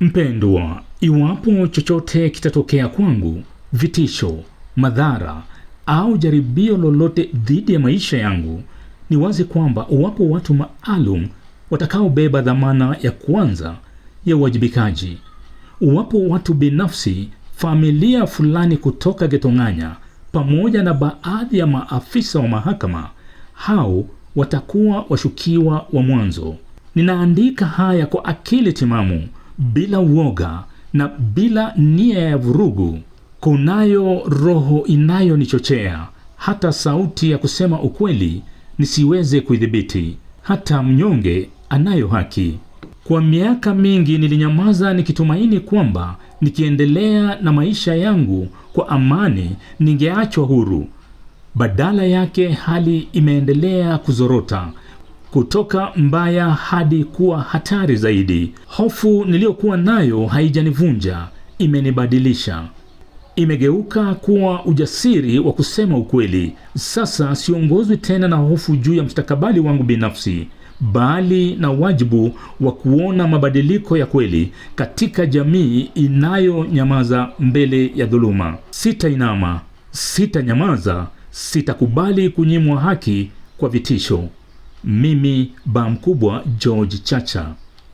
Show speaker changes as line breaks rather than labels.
Mpendwa, iwapo chochote kitatokea kwangu, vitisho, madhara au jaribio lolote dhidi ya maisha yangu, ni wazi kwamba wapo watu maalum watakaobeba dhamana ya kwanza ya uwajibikaji. Wapo watu binafsi, familia fulani kutoka Getong'anya, pamoja na baadhi ya maafisa wa mahakama. Hao watakuwa washukiwa wa mwanzo. Ninaandika haya kwa akili timamu bila uoga na bila nia ya vurugu. Kunayo roho inayonichochea hata sauti ya kusema ukweli nisiweze kuidhibiti. Hata mnyonge anayo haki. Kwa miaka mingi nilinyamaza nikitumaini kwamba nikiendelea na maisha yangu kwa amani ningeachwa huru. Badala yake hali imeendelea kuzorota kutoka mbaya hadi kuwa hatari zaidi. Hofu niliyokuwa nayo haijanivunja, imenibadilisha. Imegeuka kuwa ujasiri wa kusema ukweli. Sasa siongozwi tena na hofu juu ya mstakabali wangu binafsi, bali na wajibu wa kuona mabadiliko ya kweli katika jamii inayonyamaza mbele ya dhuluma. Sitainama, sitanyamaza, sitakubali kunyimwa haki kwa vitisho. Mimi ba mkubwa George Chacha.